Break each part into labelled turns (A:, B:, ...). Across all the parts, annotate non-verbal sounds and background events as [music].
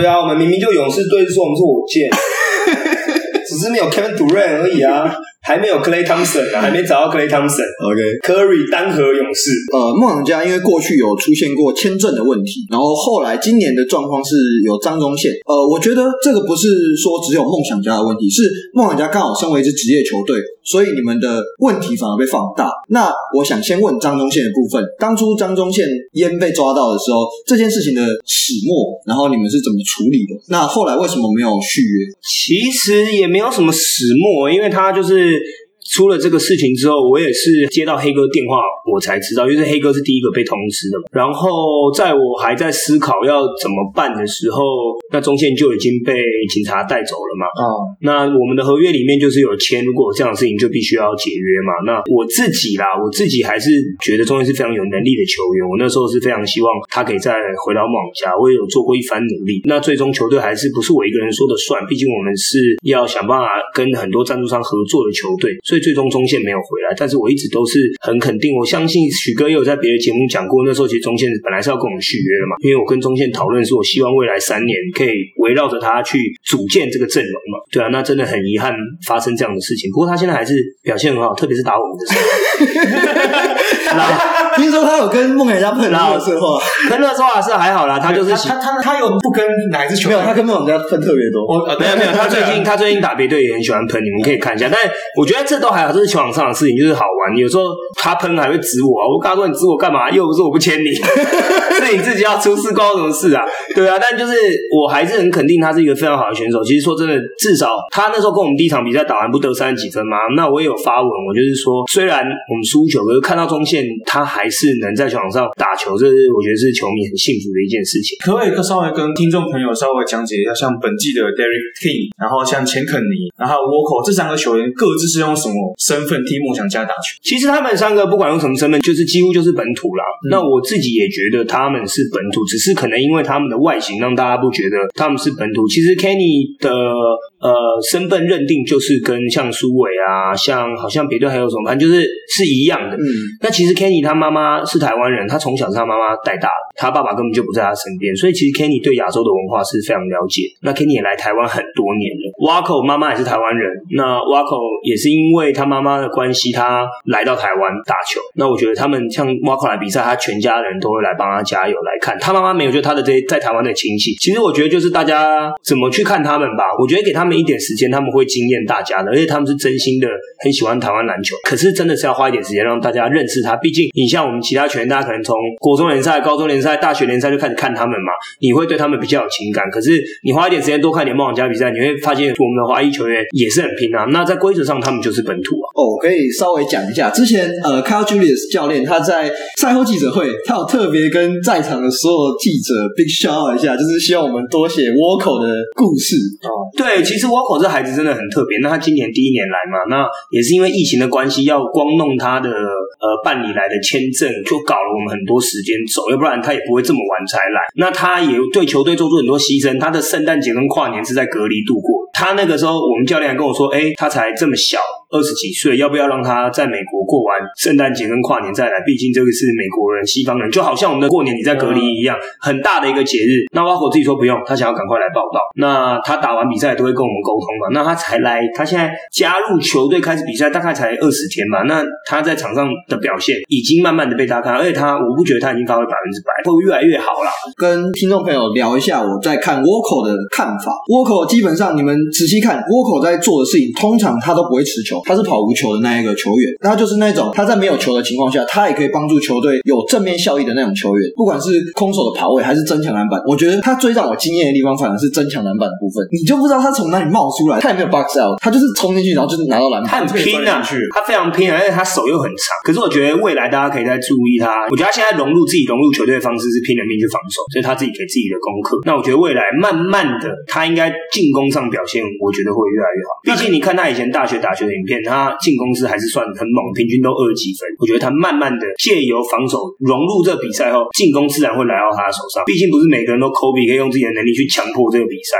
A: 對啊，我們明明就勇士隊，說我們是火箭， [laughs] 只是沒有 Kevin Durant 而已啊。還沒有 Clay Thompson
B: 啊，還沒找到 Clay Thompson。OK，Curry、okay. 單核勇士。呃，夢想家因為過去有出現過簽證的問題，然後後來今年的狀況是有張宗憲。呃，我覺得這個不是說只有夢想家的問題，是夢想家剛好身為一支職業球隊，所以你們的問題反而被放大。那我想先問張宗憲的部分，當初張宗憲煙被抓到的時候，這件事情的始末，然後你們是怎麼處理的？那後來為什麼沒有續約？其實也沒有什麼始末，因為他就是。出了這個
A: 事情之後，我也是接到黑哥電話，我才知道，因為黑哥是第一個被通知的嘛。然後，在我還在思考要怎麼辦的時候。那中線就已經被警察帶走了嘛？啊、oh.，那我們的合約裡面就是有簽，如果有這樣的事情，就必須要解約嘛。那我自己啦，我自己還是覺得中線是非常有能力的球員。我那時候是非常希望他可以再回到夢想家，我也有做過一番努力。那最終球隊還是不是我一個人說的算，畢竟我們是要想辦法跟很多贊助商合作的球隊，所以最終中線沒有回來。但是我一直都是很肯定，我相信許哥也有在別的節目講過，那時候其實中線本來是要跟我們續約的嘛，因為我跟中線討論說，我希望未來三年。可以圍繞着他去組建這個陣容嘛？對啊，那真的很遺憾發生這樣的事情。不過他現在還是表現很好，特
B: 別是打我們的時候。聽說他有跟夢想家噴啊，是那那時候啊是還好啦，他就是喜他他他有不跟哪支球隊？沒有，他跟夢想家噴特別多。
A: 沒有沒有，他最近他最近打別隊也很喜歡噴你們，可以看一下。但我覺得這都還好，這是球場上的事情，就是好玩。有時候他噴還會指我、啊，我剛剛說你指我幹嘛？又不是我不簽你，是你自己要出事，關我什麼事啊？對啊，但就是我，還是很肯定他是一個非常好的選手。其實說真的，至少他那時候跟我們第一場比賽打完不得三十幾分嗎？那我也有發文，我就是說，雖然我們輸球，可是看到中線他還是能在球場上打球，這是我覺得是球迷很幸福的一件事情。可以，哥
C: 稍微跟聽眾朋友稍微講解一下，像本季的 Derek King，然後像錢肯尼，然後還有 Walker 這三個球員各自是用什麼身份替
A: 夢想家打球？其實他們三個不管用什麼身份，就是幾乎就是本土了、嗯。那我自己也覺得他們是本土，只是可能因為他們的外形讓大家不覺得。他們是本土，其實 Kenny 的呃，身份認定就是跟像蘇偉啊，像好像別隊還有什麼，反正就是是一樣的。嗯，那其實 Kenny 他媽媽是台灣人，他從小是他媽媽帶大的，他爸爸根本就不在他身邊，所以其實 Kenny 對亞洲的文化是非常了解。那 Kenny 也來台灣很多年了，Wako 媽媽也是台灣人，那 Wako 也是因為他媽媽的關係，他來到台灣打球。那我覺得他們像 Wako 來比賽，他全家的人都會來幫他加油來看，他媽媽沒有，就他的這些在台灣的親戚。其實我覺得就是大家怎麼去看他們吧，我覺得給他們。一點時間，他們會驚艷大家的，而且他們是真心的，很喜歡台灣籃球。可是真的是要花一點時間讓大家認識他。畢竟你像我們其他球員，大家可能從國中聯賽、高中聯賽、大學聯賽就開始看他們嘛，你會對他們比較有情感。可是你花一點時間多看點夢想家比賽，你會發現我們的華裔球員也是很拼啊。那在規則上，他們就是本土啊。哦、oh,，可以
B: 稍微講一下，之前呃，Kyle Julius 教練他在賽後記者會，他有特別跟在場的所有記者 big shout 一下，就是希望我們多寫倭寇的故事
A: 啊。Oh, 對，其實沃克這孩子真的很特別。那他今年第一年來嘛，那也是因為疫情的關係，要光弄他的呃辦理來的簽證，就搞了我們很多時間走，要不然他也不會這麼晚才來。那他也對球隊做出很多犧牲，他的聖誕節跟跨年是在隔離度過。他那個時候，我們教練還跟我說，哎、欸，他才這麼小。二十幾歲，要不要讓他在美國過完聖誕節跟跨年再來？畢竟這個是美國人、西方人，就好像我們的過年你在隔離一樣，很大的一個節日。那沃克自己說不用，他想要趕快來報道。那他打完比賽都會跟我們溝通嘛，那他才來，他現在加入球隊開始比賽，大概才二十天吧？那他在場上的表現已經慢慢的被大家看到，而且他，我不覺得他已經發揮百分之百，會越來越好啦。
B: 跟聽眾朋友聊一下我在看沃克的看法。沃克基本上你們仔細看沃克在做的事情，通常他都不會持球。他是跑無球的那一個球員，他就是那種他在沒有球的情況下，他也可以幫助球隊有正面效益的那種球員。不管是空手的跑位還是爭搶籃板，我覺得他最讓我驚豔的地方反而是爭搶籃板的部分。你就不知道他從哪裡冒出來，他也沒有 box out，他就是衝進去，然後就是拿到籃板。他很拼啊，
A: 他非常拼，而且他手又很長。可是我覺得未來大家可以再注意他。我覺得他現在融入自己融入球隊的方式是拼了命去防守，所以他自己給自己的功課。那我覺得未來慢慢的他應該進攻上表現，我覺得會越來越好。畢竟你看他以前大學打球的影片。他進攻是還是算很猛，平均都二十幾分。我覺得他慢慢的借由防守融入這比賽後，進攻自然會來到他手上。畢竟不是每個人都科比可以用自己的能力去強迫這個比賽。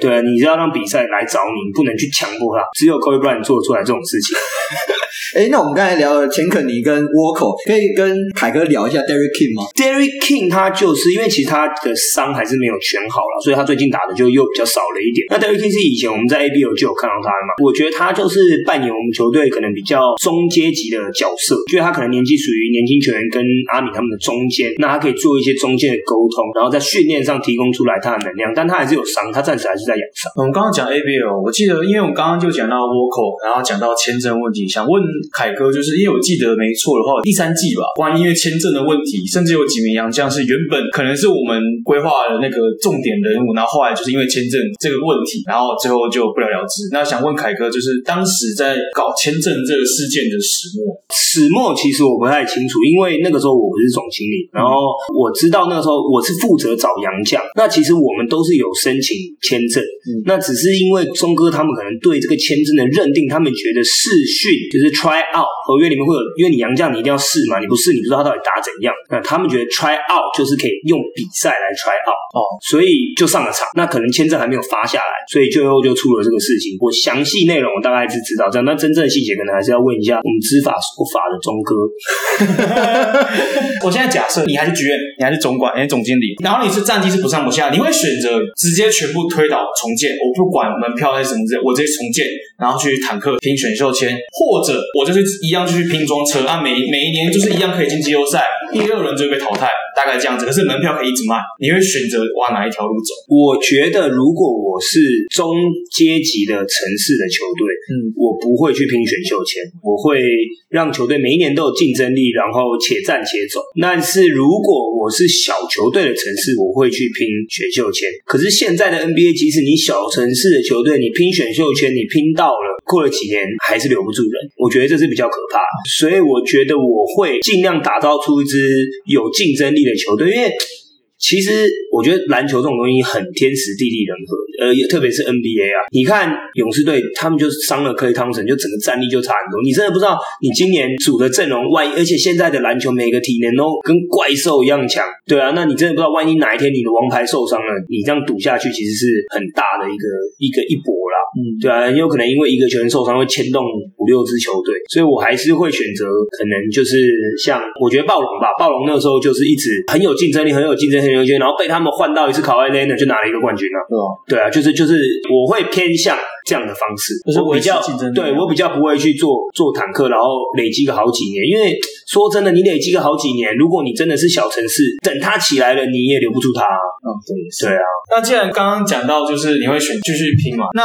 A: 對啊，你只要
B: 讓比賽來找你，你不能去強迫他。只有 Kobe Bryant 做出來這種事情。 [laughs] 誒，那我們剛才聊了錢肯尼跟 WOCO，可以跟凱哥聊一下 Derek King 嗎？Derek King
A: 他就是因為其實他的傷還是沒有全好了，所以他最近打的就又比較少了一點。那 Derek King 是以前我們在 ABL 就有看到他的嘛。我覺得他就是扮演我們球隊可能比較中階級的角色，就是他可能年紀屬於年輕球員跟阿米他們的中間，那他可以做一些中間的溝通，然後在訓練上提供出來他的能量，但他還是有傷，他暫時還是在養傷。我、嗯、們剛
C: 剛講 ABL，我記得因為我剛剛就講到 WOCO 然後講到簽證問題，想問。凱哥，就是因為我記得沒錯的話，第三季吧，關於因為簽證的問題，甚至有幾名洋將，是原本可能是我們規劃的那個重點人物，然後後來就是因為簽證這個問題，然後最後就不了了之。那想問凱哥，就是當時在搞簽證這個事件的始末，
A: 始末其實我不太清楚，因為那個時候我不是總經理，然後我知道那個時候我是負責找洋將，那其實我們都是有申請簽證，那只是因為鍾哥他們可能對這個簽證的認定，他們覺得試訓就是。try out 合約裡面會有，因為你洋將你一定要試嘛，你不試你不知道他到底打怎樣。那他們覺得 try out 就是可以用比賽來 try out，哦，所以就上了場。那可能簽證還沒有發下來，所以最後就出了這個事情。我詳細內容我大概是知道這樣，但真正的細節可能還是要問一下我們知
C: 法不法的中哥。 [laughs] [laughs] 我現在假設你還是局院，你還是總管，還、欸、是總經理，然後你是戰績是不上不下，你會選擇直接全部推倒重建？我不管門票還是什麼之類，我直接重建。然後去坦克拼選秀簽，或者我就是一樣去拼裝車啊，每每一年就是一樣可以進季後賽，第二輪就被淘汰，大概這樣子。可是門票可以一直賣，你會選擇往哪一條路走？
A: 我覺得如果我是中階級的城市的球隊，嗯，我不會去拼選秀簽，我會讓球隊每一年都有競爭力，然後且戰且走。但是如果我是小球隊的城市，我會去拼選秀簽。可是現在的 NBA，即使你小城市的球隊，你拼選秀簽，你拼到。到了，過了幾年還是留不住人，我覺得這是比較可怕的。所以我覺得我會盡量打造出一支有競爭力的球隊，因為其實我覺得籃球這種東西很天時地利人和，呃，特別是 NBA 啊。你看勇士隊，他們就傷了克萊湯普森就整個戰力就差很多。你真的不知道你今年組的陣容，萬一而且現在的籃球每個體能都跟怪獸一樣強，對啊，那你真的不知道萬一哪一天你的王牌受傷了，你這樣賭下去其實是很大的一個一個一搏。嗯，對啊，很有可能因為一個球員受傷會牽動五六支球隊，所以我還是會選擇，可能就是像我覺得暴龍吧，暴龍那個時候就是一直很有競爭力，很有競爭，很優秀，然後被他們換到一次 Kawhi 呢，就拿了一個冠軍啊，啊，對啊，就是就是我會偏向。這樣的方式，我比較競爭、啊、對我比較不會去做做坦克，然後累積個好幾年。因為說真的，你累積個好幾年，如果你真的是小城市，等他起
C: 來了，你也留不住他，啊。嗯，對對啊。那既然剛剛講到，就是你會選繼續拼嘛？嗯，那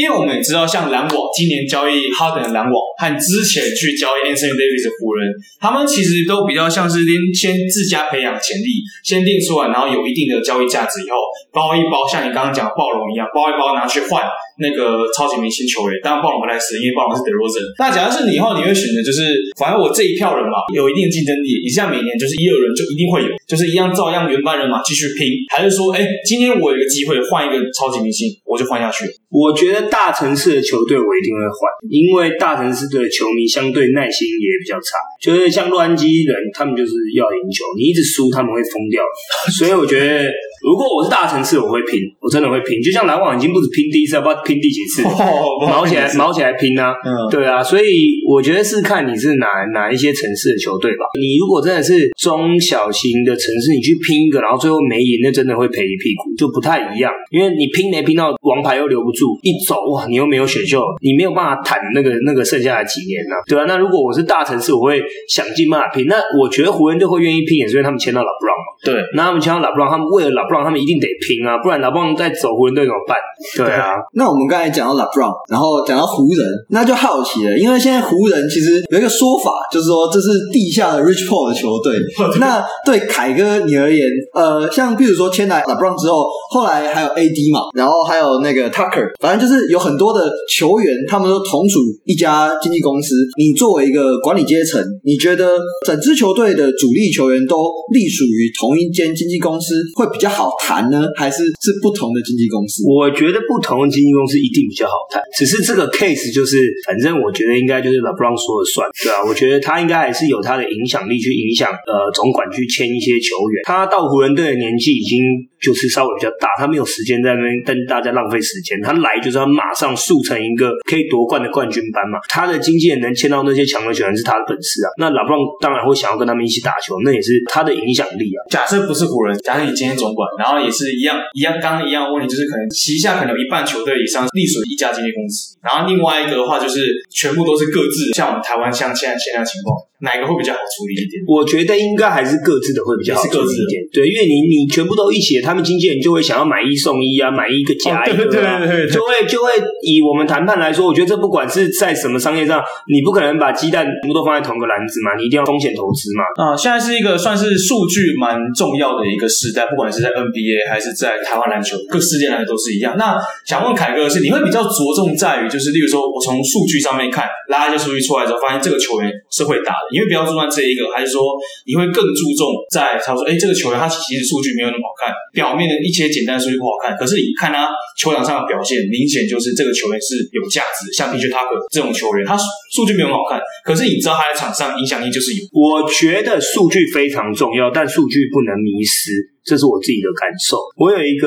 C: 因為我們也知道，像藍網今年交易哈登的藍網和之前去交易 Anthony Davis 的湖人，他們其實都比較像是先先自家培養潛力，先定出來，然後有一定的交易價值以後，包一包，像你剛剛講的暴龍一樣，包一包拿去換。那個超級明星球員，當然布朗不來是，因為布朗是德洛贊。那假如是你以後，你會選擇就是，反正我這一票人嘛，有一定競爭力，一樣每年就是一二輪就一定會有，就是一樣照樣原班人馬繼續拼，還是說，哎、欸，今天我有個機會換一個超級明星，我就換下去了。
A: 我覺得大城市的球隊我一定會換，因為大城市的球迷相對耐心也比較差，就是像洛杉磯人，他們就是要贏球，你一直輸他們會瘋掉， [laughs] 所以我覺得。如果我是大城市，我會拼，我真的會拼。就像籃網已經不止拼第一次，不知道拼第幾次，oh？卯起來，卯起來拼啊，嗯！對啊，所以。我覺得是看你是哪哪一些城市的球隊吧。你如果真的是中小型的城市，你去拼一個，然後最後沒贏，那真的會賠一屁股，就不太一樣。因為你拼沒拼到王牌又留不住，一走哇，你又沒有選秀，你沒有辦法談那個那個剩下的幾年呢、啊，對啊，那如果我是大城市，我會想盡辦法拼。那我覺得湖人隊會願意拼，也是因為他們簽到 LeBron。對，那他們簽到 LeBron，他們為了 LeBron，他們一定得拼啊，不然 LeBron 再走，湖人隊怎麼辦？對啊。那
B: 我們剛才講到 LeBron，然後講到湖人，那就好奇了，因為現在湖。湖人其實有一個說法，就是說這是地下的 Rich Paul 的球隊。 [laughs] 那對凱哥你而言，呃，像比如說簽來 LeBron 之後，後來還有 AD 嘛，然後還有那個 Tucker，反正就是有很多的球員，他們都同屬一家經紀公司。你作為一個管理階層，你覺得整支球隊的主力球員都隸屬於同一間經紀公司會比較好談呢，還是是不同的經紀公司？我覺得不同的經紀
A: 公司一定比較好談，只是這個 case 就是，反正我覺得應該就是。老布朗說了算，對啊，我覺得他應該還是有他的影響力去影響呃，總管去簽一些球員。他到湖人隊的年紀已經就是稍微比較大，他沒有時間在那邊跟大家浪費時間。他來就是他馬上速成一個可以奪冠的冠軍班嘛。他的經紀人能簽到那些強的球員是他的本事啊。那老布朗當然會想要跟他們一起打球，那也是他的影響力啊。假設不是湖
C: 人，假設你今天總管，然後也是一樣一樣，剛剛一樣問題就是可能旗下可能有一半球隊以上隸屬於一家經紀公司，然後另外一個的話就是全部都是各。像我們台灣像現在現在情況，哪一個會比較好處理一點？
A: 我覺得應該還是各自的會比較好，各自一點。對，因為你你全部都一起的，他們經紀人就會想要買一送一啊，買一個加一個，啊哦，對對對，對，就會就會以我們談判來說，我覺得這不管是在什麼商業上，你不可能把雞蛋全部都放
C: 在同個籃子嘛，你一定要風險投資嘛。啊，現在是一個算是數據蠻重要的一個時代，不管是在 NBA 還是在台灣籃球，各世界來的都是一樣。那想問凱哥的是，你會比較着重在於就是，例如說我從數據上面看，拉就是。數據出來之後，發現這個球員是會打的，因為比較注重這一個，還是說你會更注重在他說，哎，這個球員他其實數據沒有那麼好看，表面的一些簡單數據不好看，可是你看他球場上的表現，明顯就是這個球員是有價值，像 PJ Tucker 這種球員，他數據沒有那麼好看，可是你知道他在場上影響力就是有。
A: 我覺得數據非常重要，但數據不能迷失。這是我自己的感受。我有一個，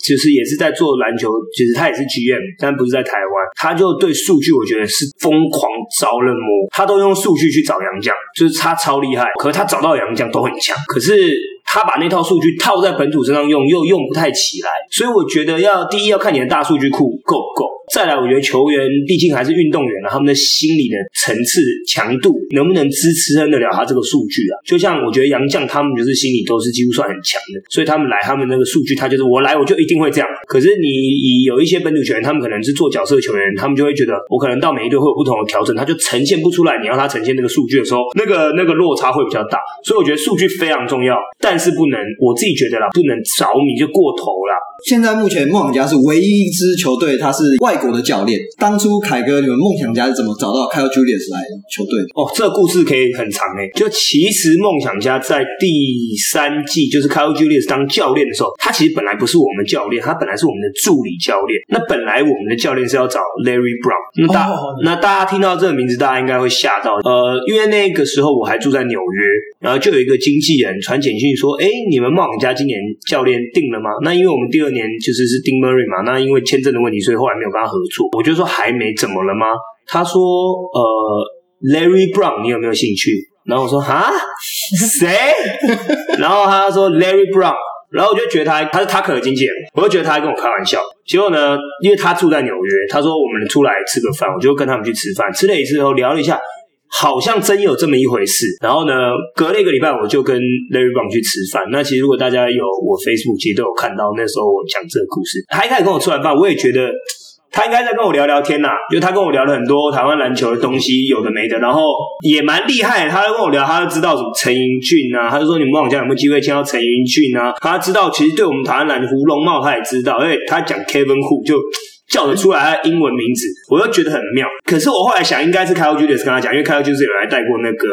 A: 其實也是在做籃球，其實他也是 GM，但不是在台灣。他就對數據，我覺得是瘋狂着了魔，他都用數據去找洋將，就是他超厲害。可是他找到洋將都很強，可是他把那套數據套在本土身上用，又用不太起來。所以我覺得要第一要看你的大數據庫夠不夠。Go, go 再來，我覺得球員畢竟還是運動員啊，他們的心理的層次強度能不能支持得了他這個數據啊？就像我覺得洋將他們就是心理都是幾乎算很強的，所以他們來他們那個數據，他就是我來我就一定會這樣。可是你有一些本土球員，他們可能是做角色的球員，他們就會覺得我可能到每一隊會有不同的調整，他就呈現不出來。你要他呈現那個數據的時候，那個那個落差會比較大。所以我覺得數據非常重要，但是不能，
B: 我自己覺得啦，不能着迷就過頭啦。現在目前夢想家是唯一一支球隊，他是外國的教練。當初凱哥，你們夢想家是怎麼找到 Kyle Julius 來球隊的？
A: 哦，這個故事可以很長哎。就其實夢想家在第三季，就是 Kyle Julius 當教練的時候，他其實本來不是我們教練，他本來是我們的助理教練。那本來我們的教練是要找 Larry Brown。那大、哦、那大家聽到這個名字，大家應該會嚇到。呃，因為那個時候我還住在紐約，然後就有一個經紀人傳簡訊說：“哎，你們夢想家今年教練定了嗎？”那因為我們第二。年就是是丁摩瑞嘛，那因為簽證的問題，所以後來沒有跟他合作。我就說還沒，怎麼了嗎？他說呃，Larry Brown，你有沒有興趣？然後我說哈，誰？ [laughs] 然後他說 Larry Brown，然後我就覺得他他是他可的經紀人，我就覺得他還跟我開玩笑。結果呢，因為他住在紐約，他說我們出來吃個飯，我就跟他們去吃飯，吃了一次以後聊了一下。好像真有這麼一回事。然後呢，隔了一個禮拜，我就跟 Larry Brown 去吃飯。那其實如果大家有我 Facebook，其實都有看到那時候我講這個故事。他一開始跟我吃完飯，我也覺得他應該在跟我聊聊天吶，因為他跟我聊了很多台灣籃球的東西，有的沒的，然後也蠻厲害。他跟我聊，他就知道什麼陳盈駿吶、啊，他就說你們往家有沒有機會簽到陳盈駿吶、啊？他知道其實對我們台灣籃球龍茂他也知道，因為他講 Kevin Kuo 就。叫得出來他的英文名字，我又覺得很妙。可是我後來想，應該是開歐爵士跟他講，因為開歐爵士有來帶過那個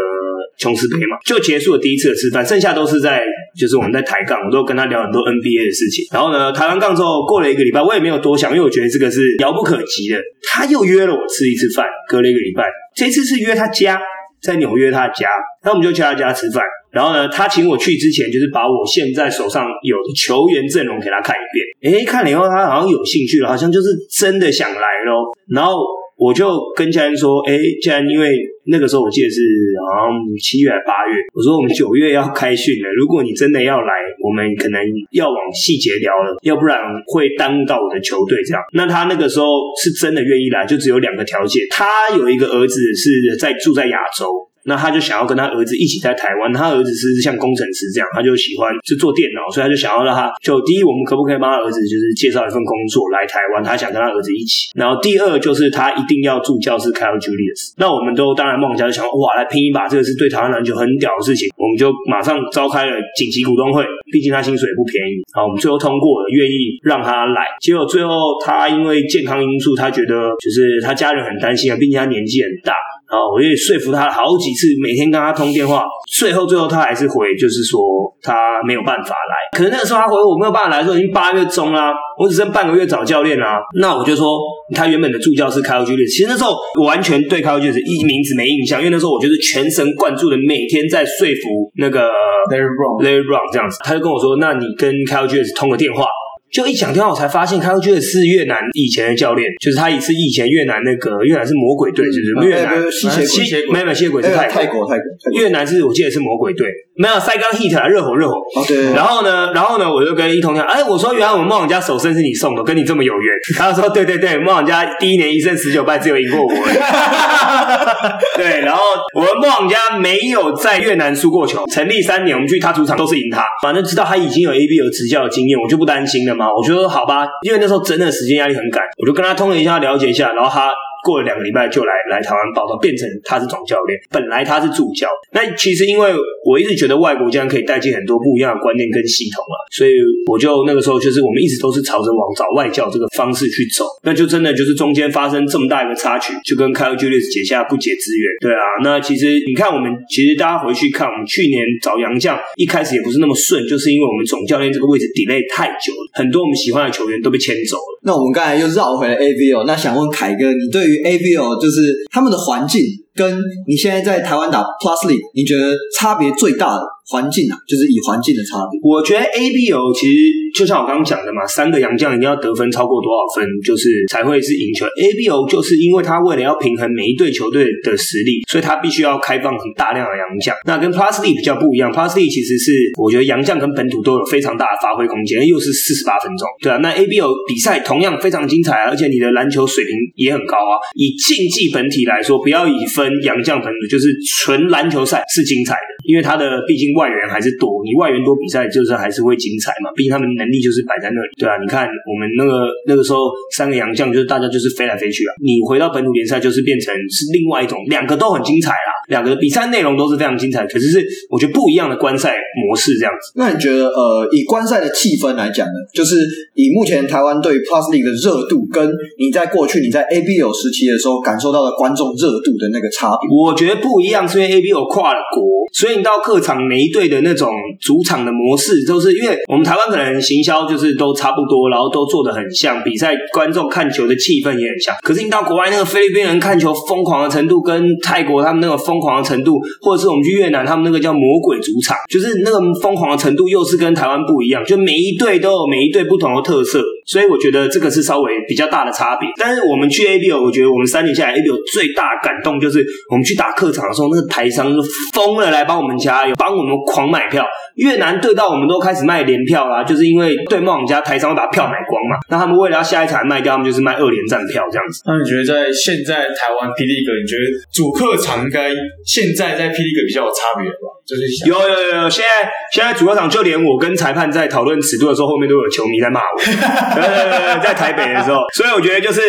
A: 瓊斯盃嘛。就結束了第一次的吃飯，剩下都是在就是我們在抬槓，我都跟他聊很多 NBA 的事情。然後呢，抬完槓之後，過了一個禮拜，我也沒有多想，因為我覺得這個是遙不可及的。他又約了我吃一次飯，隔了一個禮拜，這一次是約他家在紐約他家，那我們就去他家吃飯。然後呢，他請我去之前，就是把我現在手上有的球員陣容給他看一遍。誒，看了以後，他好像有興趣了，好像就是真的想來咯。然後我就跟家人說，誒，嘉恩，因為那個時候我記得是好像七月還八月，我說我們九月要開訓了。如果你真的要來，我們可能要往細節聊了，要不然會耽誤到我的球隊這樣。那他那個時候是真的願意來，就只有兩個條件，他有一個兒子是在住在亞洲。那他就想要跟他兒子一起在台灣，他兒子是像工程師這樣，他就喜歡就做電腦，所以他就想要讓他就第一，我們可不可以幫他兒子就是介紹一份工作來台灣，他想跟他兒子一起。然後第二就是他一定要助教是 Kyle Julius。那我們都當然夢想就想，哇，來拼一把，這個是對台灣籃球很屌的事情，我們就馬上召開了緊急股東會，畢竟他薪水也不便宜。好，我們最後通過了，願意讓他來。結果最後他因為健康因素，他覺得就是他家人很擔心啊，畢竟他年紀很大。哦，我也說服他了好幾次，每天跟他通電話，最後最後他還是回，就是說他沒有辦法來。可能那個時候他回我沒有辦法來的時候，已經八月中啦，我只剩半個月找教練啦。那我就說他原本的助教是 Kyle Julius，其實那時候我完全對 Kyle Julius 一名字沒印象，因為那時候我就是全神貫注的每天在說服那個 Larry Brown，Larry Brown 這樣子，他就跟我說，那你跟 Kyle Julius 通個電話。就一講電話我才發現，他又覺得是越南以前的教練，就是他也是以前越南那個越南是魔鬼隊，嗯就是不是？越南吸、嗯嗯嗯嗯、血鬼，沒沒吸血鬼是泰國、哎哎、泰國，泰國，泰，國泰國，越南是我記得是魔鬼隊。沒有塞剛 hit 啊，熱火熱火。哦、oh，對、啊。然後呢，然後呢，我就跟一彤講，哎，我說原來我們夢想家首勝是你送的，跟你這麼有緣。他說，對對對，夢想家第一年一勝十九敗，只有贏過我。 [laughs] [laughs] 對，然後我們夢想家沒有在越南輸過球，成立三年我們去他主場都是贏他，反正知道他已經有 A B 有執教的經驗，我就不擔心了嘛。我就說好吧，因為那時候真的時間壓力很趕，我就跟他通了一下，了解一下，然後他。過了兩個禮拜就來來台灣報到，變成他是總教練。本來他是助教。那其實因為我一直覺得外國教練可以帶進很多不一樣的觀念跟系統了、啊，所以我就那個時候就是我們一直都是朝着往找外教這個方式去走。那就真的就是中間發生這麼大一個插曲，就跟 Kyle Julius 結下不解之緣。對啊，那其實你看我們其實大家回去看，我們去年找洋將一開始也不是那麼順，就是因為我們總教練這個位置 delay 太久了，很多我們喜歡的球員都被簽走了。
B: 那我們剛才又繞回了 AVO、哦、那想問凱哥，你對於 ABL 就是他們的環境，跟你現在在台灣打 Plus League，你覺得差別最大的環境啊，就是以環境的差別，我覺得
A: ABL 其實。就像我剛剛講的嘛，三個洋將一定要得分超過多少分，就是才會是贏球。A B O 就是因為他為了要平衡每一隊球隊的實力，所以他必須要開放很大量的洋將。那跟 P League 比較不一樣，P League 其實是我覺得洋將跟本土都有非常大的發揮空間，又是四十八分鐘，對啊。那 A B O 比賽同樣非常精彩啊，而且你的籃球水平也很高啊。以競技本體來說，不要以分洋將本土，就是純籃球賽是精彩的，因為他的畢竟外援還是多，你外援多比賽就是還是會精彩嘛，畢竟他們。能力就是擺在那裡，對啊，你看我們那個那個時候三個洋將，就是大家就是飛來飛去啊。你回到本土聯賽，就是變成是另外一種，兩個都很精彩啦，兩個
B: 比賽內容都是非常精彩，可是是我覺得不一樣的觀賽模式這樣子。那你覺得呃，以觀賽的氣氛來講呢，就是以目前台灣隊 Plus League 的一個熱度，跟你在過去你在 ABL 時期的時候感受到的觀眾熱度的那個差別，我覺得不一樣，是因為 ABL 跨了國，所以你到各場每一隊的那種主場的模式，都是因
A: 為我們台灣可能。行銷就是都差不多，然後都做得很像，比賽觀眾看球的氣氛也很像。可是你到國外，那個菲律賓人看球瘋狂的程度，跟泰國他們那個瘋狂的程度，或者是我們去越南，他們那個叫魔鬼主場，就是那個瘋狂的程度又是跟台灣不一樣，就每一隊都有每一隊不同的特色。所以我覺得這個是稍微比較大的差別。但是我們去 ABO，我覺得我們三年下來 ABO 最大感動就是我們去打客場的時候，那個台商就瘋了來幫我們加油，幫我們狂買票。越南隊到我們都開始賣連票啦，就是因為對面我們家台商會把票買光嘛。那他們為了要下一場賣掉，他們就是賣二連
C: 戰票這樣子。那你覺得在現在台灣 P League，你覺得主客場應該現在在 P League 比較有差別吧？就是
A: 有有有有，現在現在主客場就連我跟裁判在討論尺度的時候，後面都有球迷在罵我。 [laughs]
C: 對，對對對，在台北的時
A: 候，所以我覺得就是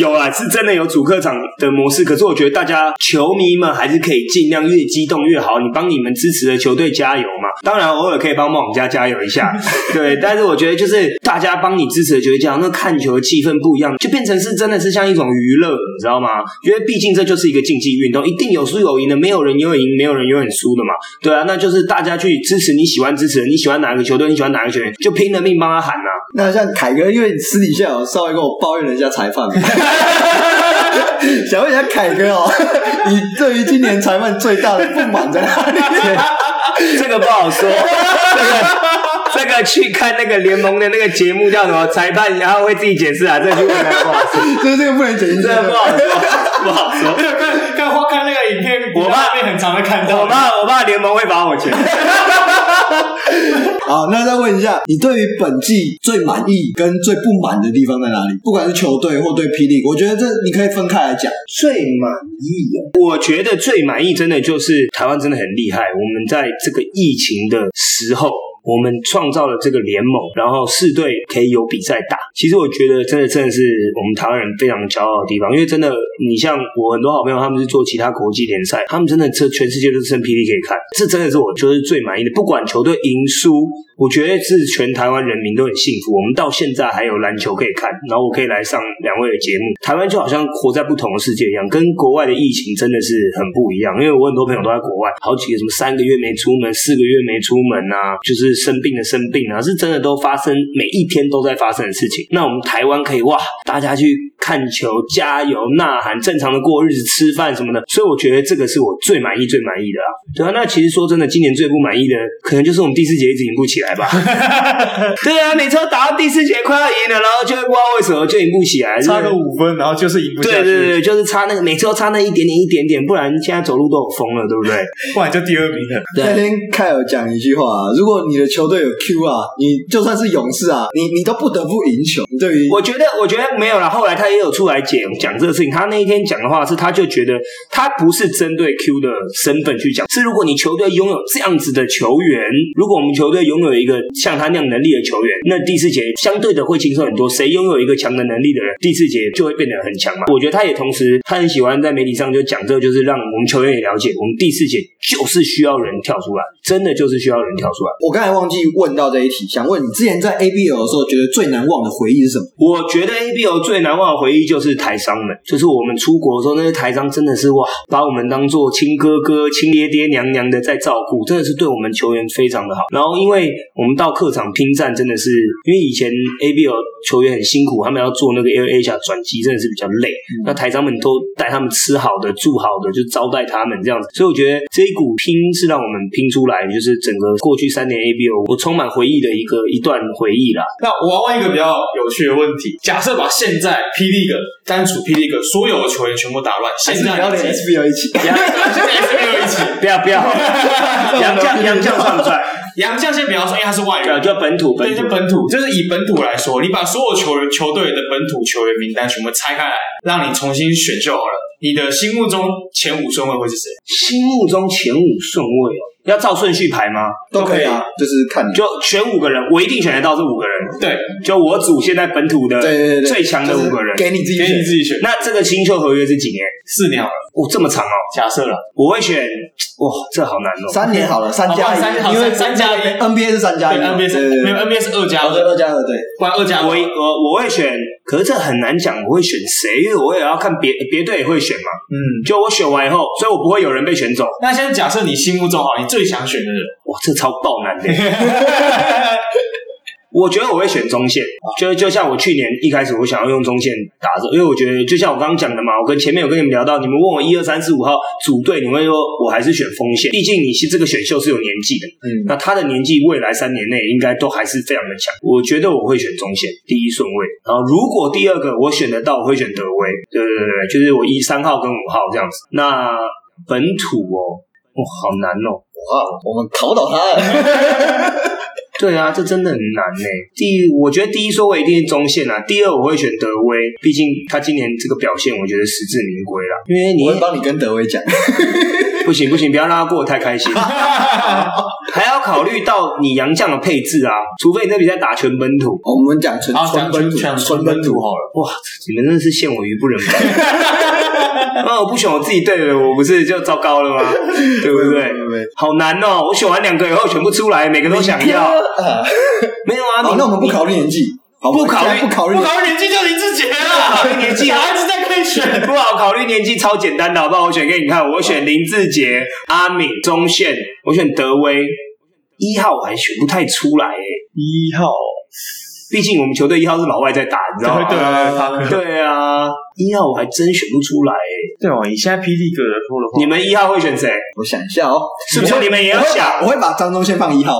A: 有啊，是真的有主客場的模式。可是我覺得大家球迷們還是可以儘量越激動越好，你幫你們支持的球隊加油嘛。當然偶爾可以幫我們家加油一下，對。 [laughs] 但是我覺得就是大家幫你支持的球隊加油，那看球的氣氛不一樣，就變成是真的是像一種娛樂，你知道嗎？因為畢竟這就是一個競技運動，一定有輸有贏的，沒有人永遠贏，沒有人永遠輸的嘛。對啊，那就是大家去支持你喜歡支持的，你喜歡哪個球隊，你喜歡哪
B: 個球員，就拼了命幫他喊吶、啊。那像凱哥。因為你私底下有稍微跟我抱怨了一下裁判， [laughs] 想問一下凱哥哦，你對於今年裁判最大的不滿在哪裡？這個不好說，這個
A: 去看那個聯盟的那個節目叫什麼？裁判，然後會自己解釋啊，這這個去問不好
B: 說， [laughs] 就這個不能解釋，不好說，不好說 [laughs] 看。看看看那個影片我爸會我爸，我爸會很常的看到，我爸我爸聯盟會罰我錢。 [laughs] [laughs] [laughs] 好，那再問一下，你對於本季最滿意跟最不滿的地方在哪裡？不管是球隊或對霹靂，我覺得這你可以分開來講。最滿意、啊，我覺得最滿意真的就
A: 是台灣真的很厲害，我們在這個疫情的時候。我們創造了這個聯盟，然後四隊可以有比賽打。其實我覺得真的真的是我們台灣人非常驕傲的地方，因為真的你像我很多好朋友，他們是做其他國際聯賽，他們真的這全世界都剩霹靂可以看，這真的是我就是最滿意的。不管球隊贏輸，我覺得是全台灣人民都很幸福。我們到現在還有籃球可以看，然後我可以來上兩位的節目。台灣就好像活在不同的世界一樣，跟國外的疫情真的是很不一樣。因為我很多朋友都在國外，好幾個什麼三個月沒出門，四個月沒出門啊，就是。生病的生病啊，是真的都發生，每一天都在發生的事情。那我們台灣可以哇，大家去看球、加油、吶喊，正常的過日子、吃飯什麼的。所以我覺得這個是我最滿意、最滿意的啊。對啊，那其實說真的，今年最不滿意的可能就是我們第四節一直贏不起來吧。 [laughs] 對啊，每次都打到第四節快要贏了，然後就不知道為什麼就贏不起來，差個五分，然後就是贏不了。對，對對對，就是差那個每次都差那一點點一點點，不然現在走路都有風了，對不
B: 對？ [laughs] 不然就第二名了。對，那天凱爾講一句話：如果你你的球隊有 Q 啊，你就算是勇士啊，你你都不得不贏球。對，我覺得我覺得沒有了。後來他也有
A: 出來講講這個事情。他那一天講的話是，他就覺得他不是針對 Q 的身份去講，是如果你球隊擁有這樣子的球員，如果我們球隊擁有一個像他那樣能力的球員，那第四節相對的會輕鬆很多。誰擁有一個強的能力的人，第四節就會變得很強嘛。我覺得他也同時，他很喜歡在媒體上就講這個，就是讓我們球員也了解，我們第四節就是需要人跳出來，真的就是需要人跳出來。我看。忘記問到這一題，想問你之前在 ABL 的時候，覺得最難忘的回憶是什麼？我覺得 ABL 最難忘的回憶就是台商們，就是我們出國的時候，那些台商真的是哇，把我們當做親哥哥、親爹爹、娘娘的在照顧，真的是對我們球員非常的好。然後，因為我們到客場拼戰，真的是因為以前 ABL 球員很辛苦，他們要做那個 LA 小轉機，真的是比較累、嗯。那台商們都帶他們吃好的、住好的，就招待他們這樣子。所以我覺得這一股拼是讓我們拼出來，就是整個過去三年 A。我充滿回憶的一個
C: 一段回憶啦。那我要問一個比較有趣的問題：假設把現在 PLG 的單純 PLG 的所有的球員全部打亂，現在還是不要連
B: SBL 一
A: 起？不要不要 -E，洋將洋將算，不要，不要
C: [laughs] [laughs] 楊將先不要說，因為他是外援，就本土,本土，對，就本土，就是以本土來說，你把所有球員、球隊的本土球員名單全部拆開來，讓你重新選秀好了。你的心目中前五順位會是誰？心目中前五順位哦，要照順序排嗎？都可以啊，就是看你，就選五個人，
A: 我一定選得到這五個人。對,對,對,對，就我組現在本土的最強的五個人、就是給你自己，給你自己選，自己選。那這個新秀合約是幾年？四年好了，哦，這麼長哦。假設了，我會選，哇，這好難哦、喔。三年好了，三加一好三好三加，因為三加。
B: NBA 是三加一，NBA 是沒有 NBA 是二加二，對，二加
A: 二對，關二加。我我我會選，可是這很難講我會選誰，因為我也要看別別隊也會選嘛。嗯，就我選完以後，所以我不會有人被選走。那
C: 現在假設你心目中哈、哦，你最想選的人，哇，這超爆難的。 [laughs] [laughs]
A: 我覺得我會選中線，就就像我去年一開始我想要用中線打這，因為我覺得就像我剛剛講的嘛，我跟前面有跟你們聊到，你們問我一二三四五號組隊，你會說我還是選鋒線，畢竟你是這個選秀是有年紀的，嗯，那他的年紀未來三年內應該都還是非常的強。我覺得我會選中線第一順位，然後如果第二個我選得到，我會選德威，對對對，對就是我一三號跟五號這樣子。那本土哦，我、哦、好難哦，五號，我們考倒他。 [laughs] 對啊，這真的很難呢、欸。第一，我覺得第一說，我一定是中線啦、啊。第二，我會選德威，畢竟他今年這個表現，我覺得實至名歸啦。因為你我會幫你跟德威講， [laughs] 不行不行，不要讓他過得太開心。 [laughs] 還要考慮到你洋將的配置啊，除非你那比賽打全本土，哦、我們講全全本土好了。哇，你們真的是陷我於不能。 [laughs] 那、 [laughs] 哦、我不選我自己隊的，我不是就糟糕了嗎？ [laughs] 對，不對， [laughs] 對不對？好難哦！我選完兩個以後選不出來，每個都想要。沒有啊、哦，那我們不考慮年紀，不考慮不考慮不考慮年
C: 紀就林志杰了。不考慮年紀，好、啊，啊啊、我一直在開始選。不好、啊
A: 啊啊啊、考慮年紀超簡單的，好不好？我選給你看，我選林志杰、阿、啊、敏、中、啊、憲、啊，我選德威。一、啊、號我還選不太出來、欸、一號。一號。畢竟我們球隊一號是老外在打，你知道嗎？對啊，對啊，
B: 一、啊啊啊啊、號我還真選不出來。對哦，以現在 PD 九人破的話，你們一號會選誰？我想一下哦，是不是你們也？要想，我會把張忠先放一號。 [laughs]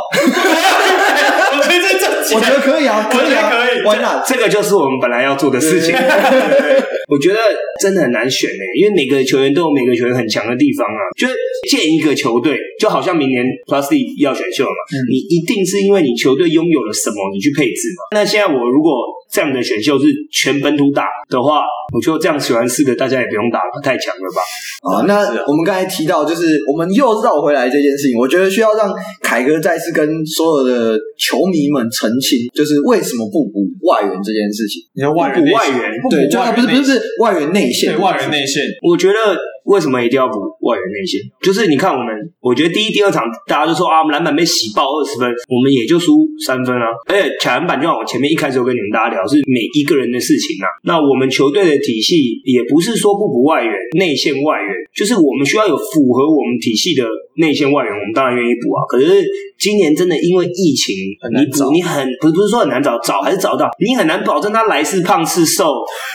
A: 我覺得可以啊，可
B: 以啊，可以、啊。完了，這個就是我們本來要做的事情。
A: [laughs] 我覺得真的很難選呢、欸，因為每個球員都有每個球員很強的地方啊。就是建一個球隊，就好像明年 Plus D 要選秀了嘛，嗯，你一定是因為你球隊擁有了什麼，你去配置嘛。那現在我如果。這樣的選秀是全本土打的話，我
B: 覺得這樣選完四個，大家也不用打了，太強了吧？啊，那我們剛才提到，就是我們又繞回來這件事情，我覺得需要讓凱哥再次跟所有的球迷們澄清，就是為什麼不補外援這件事情。你說外補外，外，外援，對，就不是不
C: 是是
A: 外援內線？對，外援內線，我覺得。為什麼一定要補外援內線？就是你看我們，我覺得第一、第二場大家都說啊，我們籃板被洗爆二十分，我們也就輸三分啊。而且搶籃板就像我前面一開始跟你們大家聊，是每一個人的事情啊。那我們球隊的體系也不是說不補外援內線，外援就是我們需要有符合我們體系的內線外援，我們當然願意補啊。可是今年真的因為疫情，很難補你補你很，不是不是說很難找，找還是找到，你很難保證他來是胖是瘦，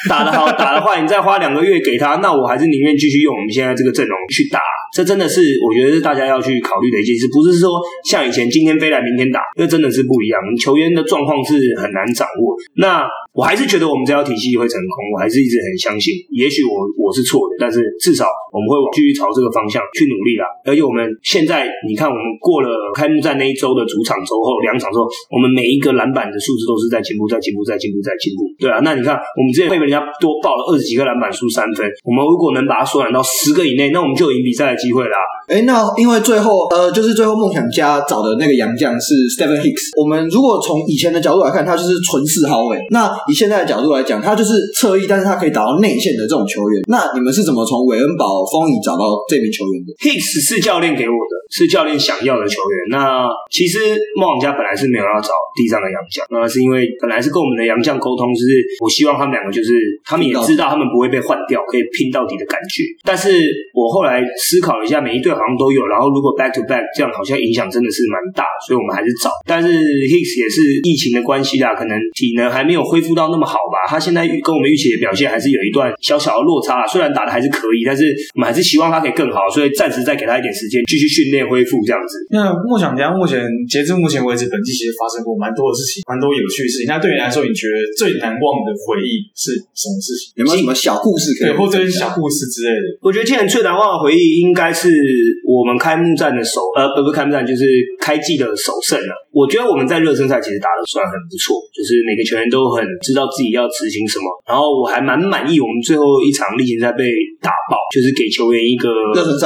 A: 打得好打得壞，你再花兩個月給他， [laughs] 那我還是寧願繼續用。我們現在這個陣容去打，這真的是我覺得是大家要去考慮的一件事。不是說像以前今天飛來明天打，這真的是不一樣。球員的狀況是很難掌握。那。我還是覺得我們這套體系會成功，我還是一直很相信。也許我我是錯的，但是至少我們會往繼續朝這個方向去努力啦。而且我們現在，你看，我們過了開幕戰那一周的主場周後兩場之後，我們每一個籃板的數字都是在進步，在進步，在進步，在進步。進步。對啊，那你看，我們之前被人家多報了二十幾個籃板輸三分，我們如果能把它縮短到十個以內，那我們就有贏比賽的機會啦。哎，那
B: 因為最後，呃，就是最後夢想家找的那個洋將是 Stephen Hicks，我們如果從以前的角度來看，他就是純四號位、欸，那。以現在的角度來講，他就是側翼，但是他可以打到內線的這種球員。那你們是怎麼從韋恩堡、瘋蟻找到這名球員的？Hicks 是教
A: 練給我的，是教練想要的球員。那其實夢想家本來是沒有要找地上的洋將，那是因為本來是跟我們的洋將溝通，就是我希望他們兩個就是他們也知道他們不會被換掉，可以拼到底的感覺。但是我後來思考了一下，每一隊好像都有，然後如果 back to back 這樣好像影響真的是蠻大，所以我們還是找。但是 Hicks 也是疫情的關係啦，可能體能還沒有恢復。不到那麼好吧？他現在跟我們預期的表現還是有一段小小的落差。啊，雖然打的還是可以，但是我們還是希望他可以更好，所以暫時再給他一點時間，
C: 繼續訓練恢復這樣子。那、yeah, 夢想家目前截至目前為止，本季其實發生過蠻多的事情，蠻多有趣的事情。那對你來說，你覺得最難忘的回憶是，是什麼事情？有沒有什麼小故事可以？對或者是小故事之類的？
A: 我覺得今年最難忘的回憶應該是我們開幕戰的首，呃，不是開幕戰就是開季的首勝了。我覺得我們在熱身賽其實打的算很不錯，就是每個球員都很。知道自己要執行什麼，然後我還蠻滿意我們最後一場例行賽被打爆，就是給球員一個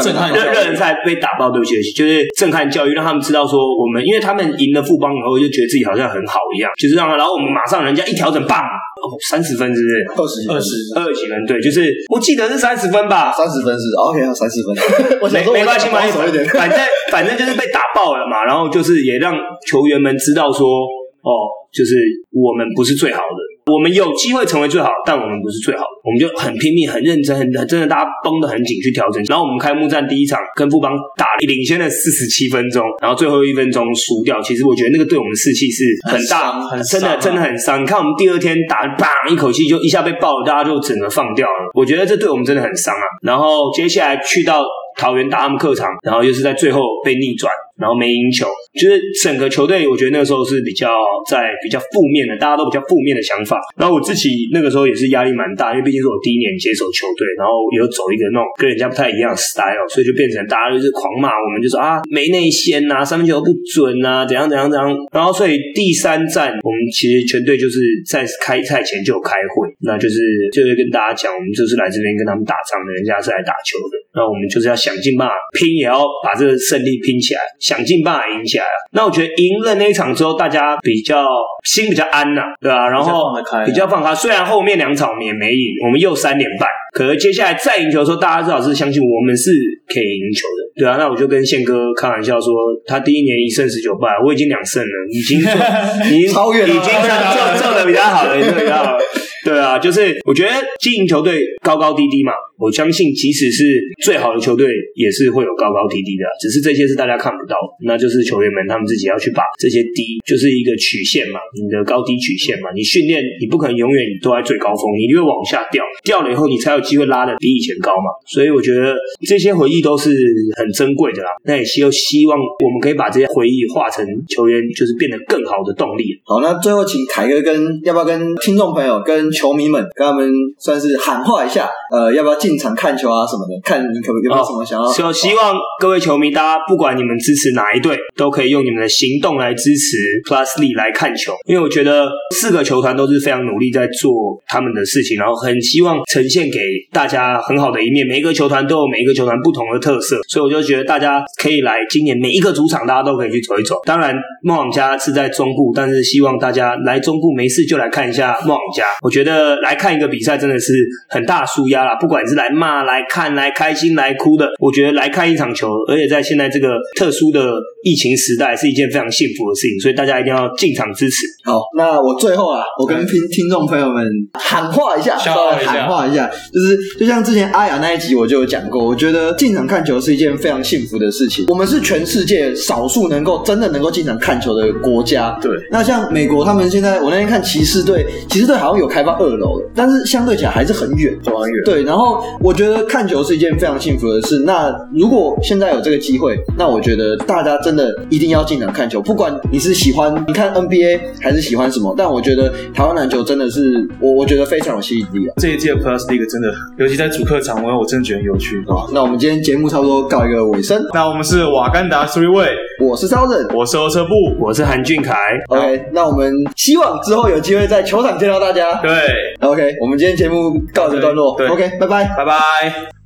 A: 震撼熱人賽被打爆，對不起，就是震撼教育，讓他們知道說我們，因為他們贏了富邦以後，我就覺得自己好像很好一樣，就是讓，然後我們馬上人家一調整，棒，哦，三十分是不是？二十幾分，二十幾，二十幾分，對，就是我記得是三十分吧，三十分是，OK，要三十分， [laughs] 我我沒關係嘛，反正反正就是被打爆了嘛，然後就是也讓球員們知道說，哦。就是我們不是最好的，我們有機會成為最好，但我們不是最好的，我們就很拼命、很認真、很真的，大家繃得很緊去調整。然後我們開幕戰第一場跟富邦打，領先了四十七分鐘，然後最後一分鐘輸掉。其實我覺得那個對我們的士氣是很大、很傷、很傷啊、真的，真的很傷。你看我們第二天打，砰，一口氣就一下被爆了，大家就整個放掉了。我覺得這對我們真的很傷啊。然後接下來去到桃園打他們客場，然後又是在最後被逆轉。然後沒贏球，就是整個球隊，我覺得那個時候是比較在比較負面的，大家都比較負面的想法。然後我自己那個時候也是壓力蠻大，因為畢竟是我第一年接手球隊，然後也有走一個那種跟人家不太一樣 style，所以就變成大家就是狂罵我們，就說啊沒內線吶、啊，三分球不準吶、啊，怎樣怎樣怎樣。然後所以第三戰，我們其實全隊就是在開賽前就有開會，那就是就是跟大家講，我們就是來這邊跟他們打仗的，人家是來打球的，那我們就是要想盡辦法拼，也要把這個勝利拼起來。想盡辦法贏起來了，那我覺得贏了那一場之後，大家比較心比較安吶、啊，對吧、啊。然後比較放開，開。雖然後面兩場我們也沒贏，我們又三連敗。可是接下來再贏球的時候，大家至少是相信我們是可以贏球的。對啊，那我就跟憲哥開玩笑說，他第一年一勝十九敗，我已經兩勝了，已經已經超越了，已經， [laughs] 已經做做，做得比較好了、欸， [laughs] 對啊，對啊，就是我覺得經營球隊高高低低嘛，我相信即使是最好的球隊也是會有高高低低的，只是這些是大家看不到，那就是球員們他們自己要去把這些低，就是一個曲線嘛，你的高低曲線嘛，你訓練你不可能永遠都在最高峰，你就會往下掉，掉了以後你才會有機會拉的比以前高嘛？所以我覺得這些回憶都是很珍貴的啦。那也希希望我們可以把這些回憶化成球員，就是變得更好的動力。好，
B: 那最後請凱哥跟要不要跟聽眾朋友、跟球迷們跟他們算是喊話一下，呃，要不要進場看球啊什麼的？看你可不可以有什麼想要？所、
A: oh, so、希望各位球迷，大家不管你們支持哪一隊，都可以用你們的行動來支持 P. LEAGUE+ 來看球，因為我覺得四個球團都是非常努力在做他們的事情，然後很希望呈現給。大家很好的一面，每一個球團都有每一個球團不同的特色，所以我就覺得大家可以來今年每一個主場，大家都可以去走一走。當然，夢想家是在中部，但是希望大家來中部沒事就來看一下夢想家。我覺得來看一個比賽真的是很大紓壓啦，不管是來罵、來看、來開心、來哭的，我覺得來看一場球，而且在現在這個特殊的疫情時代，是一件非常幸福的事情。所以大家一定要進場支持。
B: 好，那我最後啊，我跟聽聽眾朋友們喊話一下，稍微喊話一下。就是就像之前阿雅那一集，我就有講過，我覺得進場看球是一件非常幸福的事情。我們是全世界少數能夠真的能夠進場看球的國家。對，那像美國，他們現在我那天看騎士隊，騎士隊好像有開發二樓了，但是相對起來還是很遠，走很遠。對，然後我覺得看球是一件非常幸福的事。那如果現在有這個機會，那我覺得大家真的一定要進場看球，不管你是喜歡你看 NBA 還是喜歡什麼，但我覺得台灣籃球真的是我我覺得非常有吸引力啊。這一屆 Plus 這個，真的。
C: 尤其在主客場，我我真的覺得很有趣，好，
B: 那我們今天節目差不多告一個尾聲。那我們是瓦甘達 Three Way，我是超人，我是歐車布，我是韓駿鎧。OK，嗯，那我們希望之後有機會在球場見到大家。對，OK，我們今天節目告一個段落。對，對，OK，拜拜，拜拜。